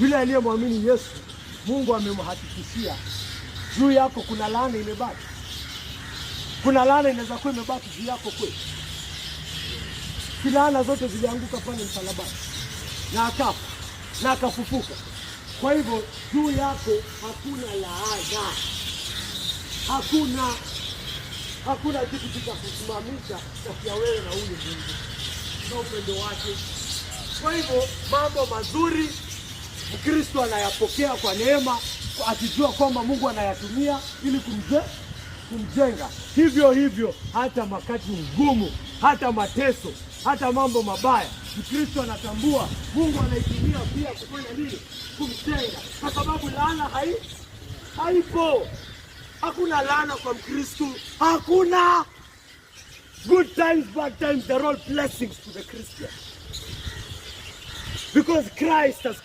Yule aliyemwamini Yesu, Mungu amemhakikishia juu yako kuna laana imebaki, kuna laana inaweza kuwa imebaki juu yako kweli. kilaana zote zilianguka pale msalabani na akafa na akafufuka. Kwa hivyo juu yako hakuna laana, hakuna hakuna kitu kitakusimamisha kati ya wewe na huyu Mungu na upendo wake. Kwa hivyo mambo mazuri Kristo anayapokea kwa neema, akijua kwamba Mungu anayatumia ili kumje, kumjenga. Hivyo hivyo hata makati mgumu, hata mateso, hata mambo mabaya, Mkristo anatambua Mungu anaitumia pia kufanya nini? Kumjenga, kwa sababu laana hai haipo. Hakuna laana kwa Mkristo, hakuna good times, bad times, they're all blessings to the Christian because Christ has come.